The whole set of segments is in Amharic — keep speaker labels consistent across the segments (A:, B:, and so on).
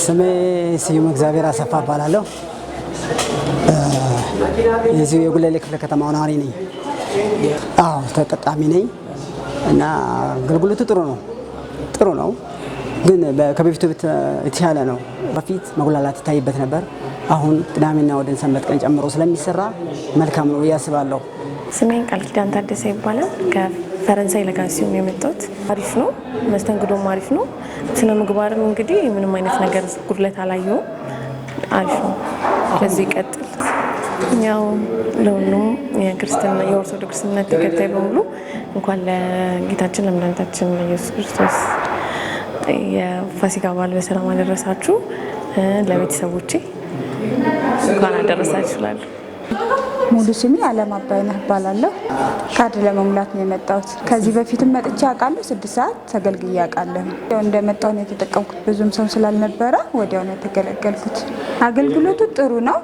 A: ስሜ ስዩም እግዚአብሔር አሰፋ እባላለሁ። የዚሁ የጉለሌ ክፍለ ከተማ ነዋሪ ነኝ። አዎ ተጠቃሚ ነኝ እና አገልግሎቱ ጥሩ ነው ጥሩ ነው፣ ግን ከበፊቱ የተሻለ ነው። በፊት መጉላላት ይታይበት ነበር። አሁን ቅዳሜና ወደን ሰንበት ቀን ጨምሮ ስለሚሰራ መልካም ነው እያስባለሁ።
B: አስባለሁ። ስሜን ቃል ኪዳን ታደሰ ይባላል። ፈረንሳይ ለጋሲዮን የመጣሁት አሪፍ ነው፣ መስተንግዶም አሪፍ ነው። ስነ ምግባርም እንግዲህ ምንም አይነት ነገር ጉድለት አላየውም። አሪፍ ነው። ለዚህ ይቀጥል። ያው ለሁሉም የክርስትና የኦርቶዶክስ እምነት ተከታይ በሙሉ እንኳን ለጌታችን ለመድኃኒታችን ለኢየሱስ ክርስቶስ የፋሲካ በዓል በሰላም አደረሳችሁ። ለቤተሰቦቼ እንኳን አደረሳችሁ እላለሁ።
C: ሙሉ ስሜ አለም አባይነህ እባላለሁ። ካርድ ለመሙላት ነው የመጣሁት። ከዚህ በፊትም መጥቼ አውቃለሁ። ስድስት ሰዓት ተገልግዬ አውቃለሁ። እንደመጣሁ ነው የተጠቀምኩት። ብዙም ሰው ስላልነበረ ወዲያው ነው የተገለገልኩት። አገልግሎቱ ጥሩ ነው።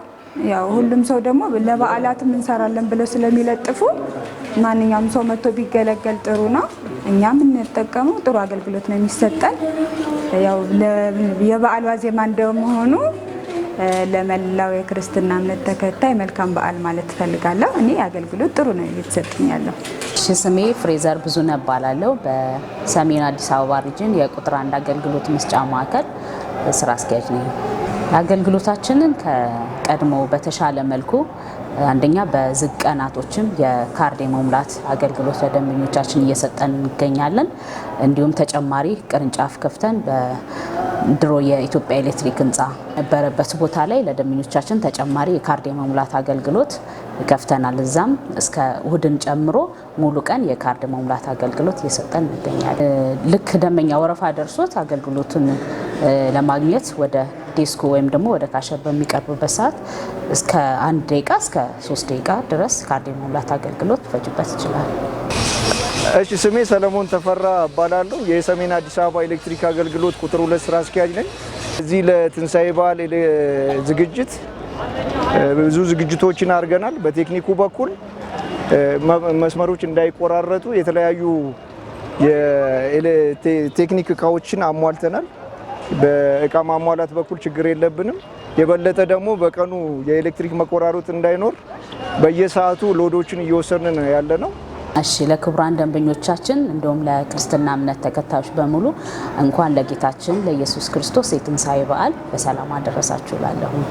C: ያው ሁሉም ሰው ደግሞ ለበዓላትም እንሰራለን ብለው ስለሚለጥፉ ማንኛውም ሰው መጥቶ ቢገለገል ጥሩ ነው። እኛ የምንጠቀመው ጥሩ አገልግሎት ነው የሚሰጠን። ያው የበዓል ዋዜማ እንደመሆኑ ለመላው የክርስትና እምነት ተከታይ መልካም በዓል ማለት ትፈልጋለሁ። እኔ አገልግሎት ጥሩ ነው እየተሰጥኛለሁ።
D: እሺ ስሜ ፍሬዘር ብዙ ነባላለሁ በሰሜን አዲስ አበባ ሪጅን የቁጥር አንድ አገልግሎት መስጫ ማዕከል ስራ አስኪያጅ ነኝ። አገልግሎታችንን ከቀድሞ በተሻለ መልኩ አንደኛ በዝግ ቀናቶችም የካርድ የመሙላት አገልግሎት ለደንበኞቻችን እየሰጠን እንገኛለን። እንዲሁም ተጨማሪ ቅርንጫፍ ከፍተን ድሮ የኢትዮጵያ ኤሌክትሪክ ህንፃ ነበረበት ቦታ ላይ ለደንበኞቻችን ተጨማሪ የካርድ የመሙላት አገልግሎት ከፍተናል። እዛም እስከ እሁድን ጨምሮ ሙሉ ቀን የካርድ መሙላት አገልግሎት እየሰጠን እንገኛለን። ልክ ደንበኛ ወረፋ ደርሶት አገልግሎቱን ለማግኘት ወደ ዴስኩ ወይም ደግሞ ወደ ካሸር በሚቀርብበት ሰዓት እስከ አንድ ደቂቃ እስከ ሶስት ደቂቃ ድረስ ካርድ የመሙላት አገልግሎት ፈጅበት ይችላል።
E: እሺ ስሜ ሰለሞን ተፈራ እባላለሁ። የሰሜን አዲስ አበባ ኤሌክትሪክ አገልግሎት ቁጥር ሁለት ስራ አስኪያጅ ነኝ። እዚህ ለትንሣኤ በዓል ዝግጅት ብዙ ዝግጅቶችን አድርገናል። በቴክኒኩ በኩል መስመሮች እንዳይቆራረጡ የተለያዩ የቴክኒክ እቃዎችን አሟልተናል። በእቃ ማሟላት በኩል ችግር የለብንም። የበለጠ ደግሞ በቀኑ የኤሌክትሪክ መቆራረጥ እንዳይኖር በየሰዓቱ ሎዶችን እየወሰድን ያለ ነው።
F: እሺ ለክቡራን ደንበኞቻችን እንዲሁም ለክርስትና እምነት ተከታዮች በሙሉ እንኳን ለጌታችን ለኢየሱስ ክርስቶስ የትንሣኤ በዓል በሰላም አደረሳችሁ ላለሁ